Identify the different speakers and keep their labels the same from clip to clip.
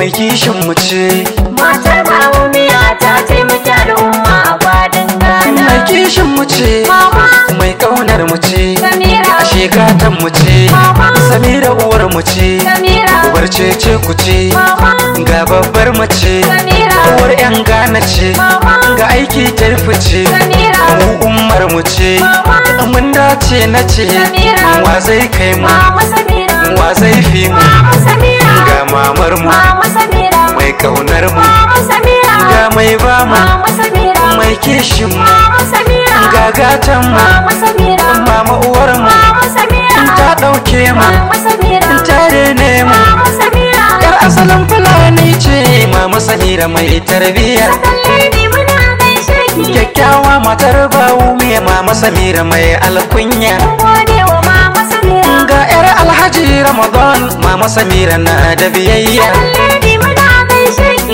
Speaker 1: mai kishin mu ce matar babu miya ta taimaki al'umma a fadin gana mai kishin mu ce mai kaunar mu ce ashe gatan mu ce samira uwar mu ce uwar ce ce ku ce ga babbar mace uwar yan gana ce ga aiki tarfi ce mu ummar mu ce mun dace na ce Samira. wa zai kai mu wa zai fi mu ga Mama mu gagatan mu mama uwar mu ta dauke mu ta rene mu yar asalin fulani ce mama samira mai tarbiyya kyakkyawa matar bawu me mama samira mai alkunya ga yar alhaji ramadan mama samira na da biyayya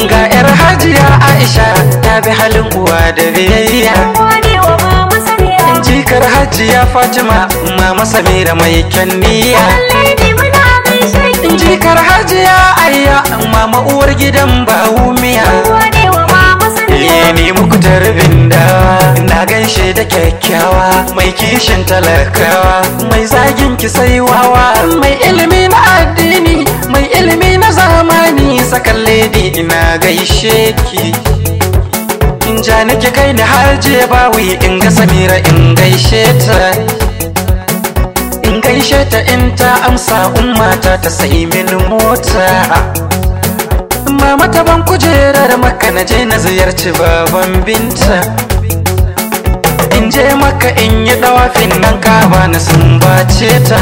Speaker 1: ga yar hajiya aisha ta bi halin uwa da biyayya jikar hajiya fatima mama samira mai kyan niyya jikar hajiya ayya mama uwar gidan bawumiya ni muku tarbin na gaishe da kyakkyawa mai kishin talakawa mai zagin kisai mai ilimi na addini mai ilimi na zama. sakan ni ina gaishe ki in ja nake kai ni har je bawi in ga samira in gaishe ta in gaishe ta in ta amsa ummata ta sai min mota mama ta ban kujerar maka na je na ziyarci baban binta in je maka in yi dawafin nan ka bani sun bace ta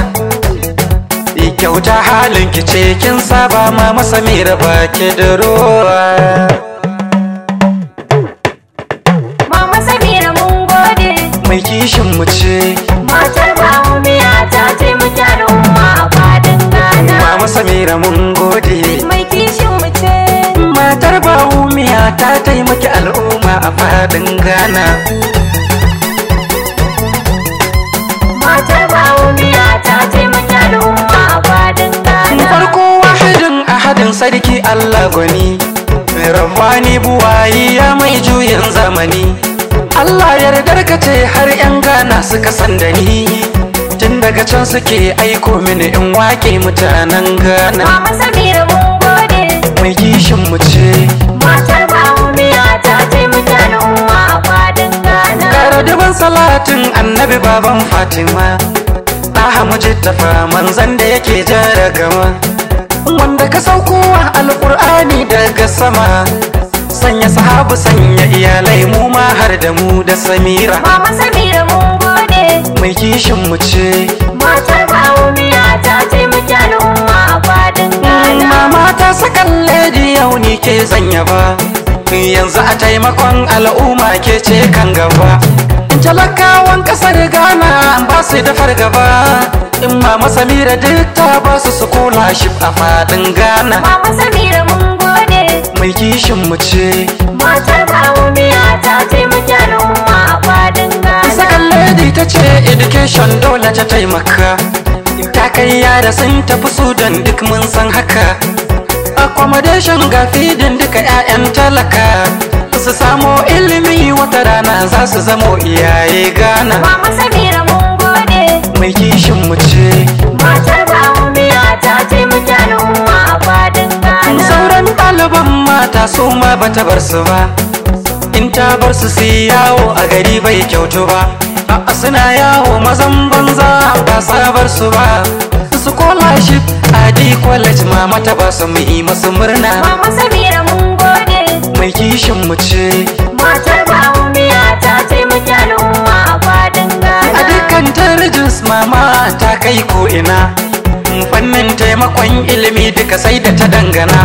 Speaker 1: kyauta halin ki ce kin saba ma masa mai raba ki da ruwa mai kishin mu ce matar mu miya ta ce mu gyara umma a fadin gana mama samira mun gode mai kishin mu ce matar mu miya ta taimaki al'umma a fadin gana muradin sarki Allah gwani mai rambani buwayi ya mai juyin zamani Allah yardar ka ce har 'yan gana suka sandani tun daga can suke aiko mini in wake mutanen gana mun gode mai kishin mu ce matar mu miya ta ce mutanen uwa a fadin gana Kare duban salatin annabi baban Fatima Ɗaha mujitafa manzan da yake jara gama wanda ka saukowa alƙur'ani daga sama sanya sahabu sanya iyalai mu ma har da mu da samira mama samira mun gode mai kishin mu ce matar bawo miya ta taimaki al'umma a fadin gada. mama ta sakan lady yau ni ke zanya ba yanzu a taimakon al'umma ke ce kan gaba talakawan kasar ghana ba su da fargaba in mama samira duk ta ba su shi a fadin ghana mama samira mun gode mai kishin mu ce matar bawumiya ta taimaki al'umma a fadin ghana kan lady ta ce education dole ta taimaka ta kai yara sun tafi sudan duk mun san haka accommodation ga fidin duka 'ya'yan talaka su samo ilimi wata rana za su zamo iyaye gana mama samira mun gode mai kishin mu ce matar mu miya ta ce, mu al'umma a fadin gana sauran ɗaliban mata su ma bata bar su ba in ta bar su su yawo a gari bai kyautu ba a suna yawo mazan banza ba sabar su ba scholarship adi college mama ta ba su mu yi masu murna mama samira mun gode mai kishin mu ce matar ba miya ta taimaki al'umma a fadin gada. a dukkan tarjus mama ta kai ko ina fannin taimakon ilimi duka sai da ta dangana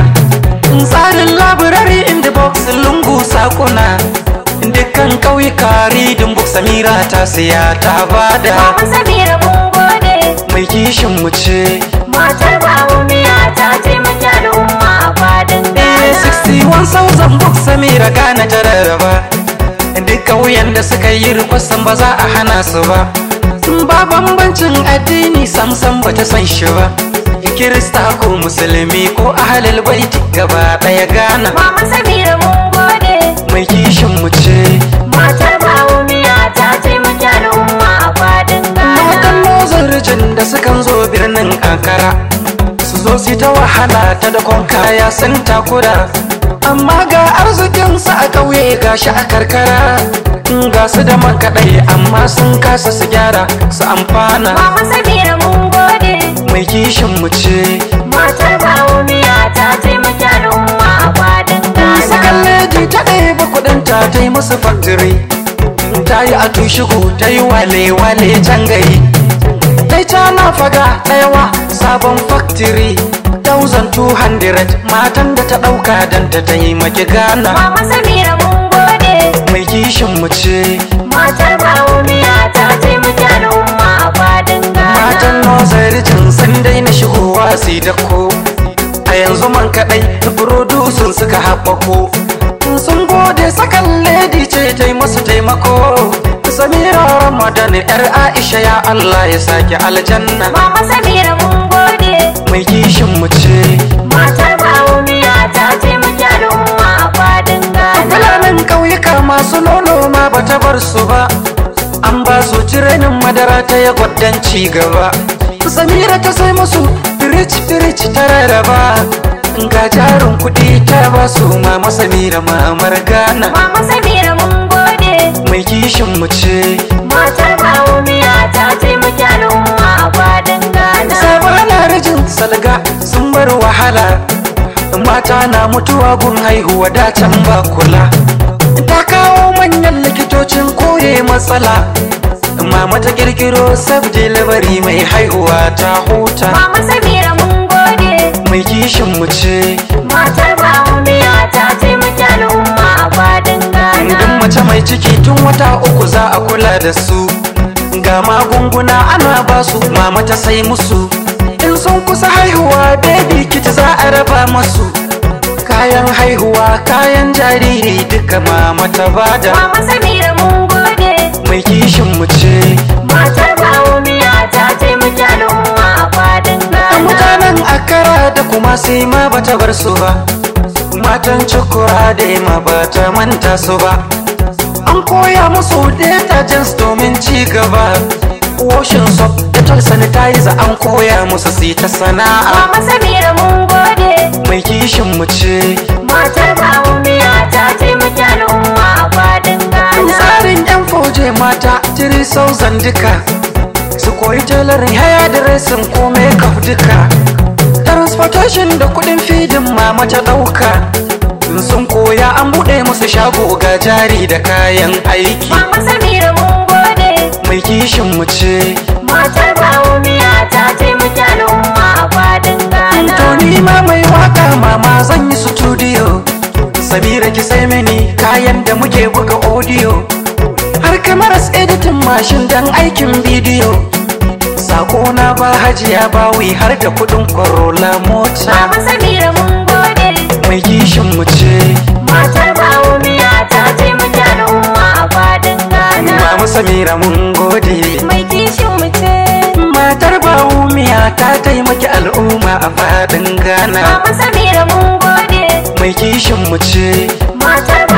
Speaker 1: tsarin in the box lungu sakuna dukkan kauyuka reading book samira ta siya ta bada mama samira mun mai kishin mu ce matar babu miya ta taimaki umma a fadin gana 61 sauran buk samira gana ta rarraba duk ƙauyen da suka yi rikwasan ba za a hana su ba sun ba bambancin addini sam ba ta san shi ba kirista ko musulmi ko ahalil baiti gaba daya gana mama samira mun gode mai kishin mu ce matar kankara su zo su ta wahala ta da kaya sun takura amma ga arzikinsu a ƙauye ga shi a karkara mm, ga su da man kaɗai amma sun kasa su gyara su amfana mama mun gode mai kishin mu ce matar bawo miya ta taimaki al'umma a fadin ta su kalle ta ɗaya ba kuɗin ta ta yi musu factory ta yi a tushiku ta yi wale wale can Daita na faga ɗayawa sabon factory 1200 matan da ta ɗauka don ta yi maki gana. Mama Samira mun gode. Mai kishin mu ce. Matar miya ta ce taimaki al'umma a fadin Ghana. Matan Nozaricin sun daina shigowa su da ko. A yanzu man kaɗai da burodusun suka haɓako. Sun gode sakan lady ce ta yi masu taimako. madani yar Aisha ya Allah ya saki aljanna Mama Samira mun gode mai kishin mu ce matar miya ta ce muke al'umma a fadin Ghana Fulanin ƙauyuka masu nono ma bata bar su ba an ba su jirenin madara ta ya gwaddan ci gaba Samira ta sai musu rich rich ta rarraba ga jarin kuɗi ta ba su mama Samira ma Gana. Mama Samira mun gode mai kishin mu ce matar ma'aumiya ta taimaki al'umma a fadin gana sabon rajin salga sun bar wahala mata na mutuwa gun haihuwa dacen ba kula ta kawo manyan likitocin kore matsala mama ta kirkiro sab delivery mai haihuwa ta huta mama samira mun gode mai kishin mu ce matar ma'aumiya ta ciki tun wata uku za a kula da su ga magunguna ana ba su mama ta sai musu in sun kusa haihuwa baby kit za a raba musu kayan haihuwa kayan jariri duka mama ta bada mama samira mun gode mai kishin mu ce matar kawo miya ta taimaki al'umma a fadin gana mutanen akara da kuma sai ma bata bar su ba matan cikura da ma bata manta su ba an koya musu detergents domin ci gaba washing soap dettol sanitizer an koya musu su ta sana'a mama samira mun gode mai kishin mu ce matar kawo miya ta taimaki al'umma a fadin gana tsarin yan foje mata 3000 duka su koyi tailoring haya da resin ko makeup duka transportation da kudin fidin mama ta dauka sun musu shago ga jari da kayan aiki musu samira mun gode mai kishin mu ce matar bawo miya ta ce muke al'umma a fadin gana to ma mai waka mama zan yi studio sabira ki sai mini kayan da muke buga audio har kamaras editin mashin dan aikin bidiyo sako na ba hajiya bawi har da kudin kwarola mota mun mai kishin mu ce matar bawo miya ta ce mu jana a fadin gana Ba mu samira mun gode mai kishin mu ce matar bawo miya ta taimaki al'umma a fadin gana mamu samira mun gode mai kishin mu matar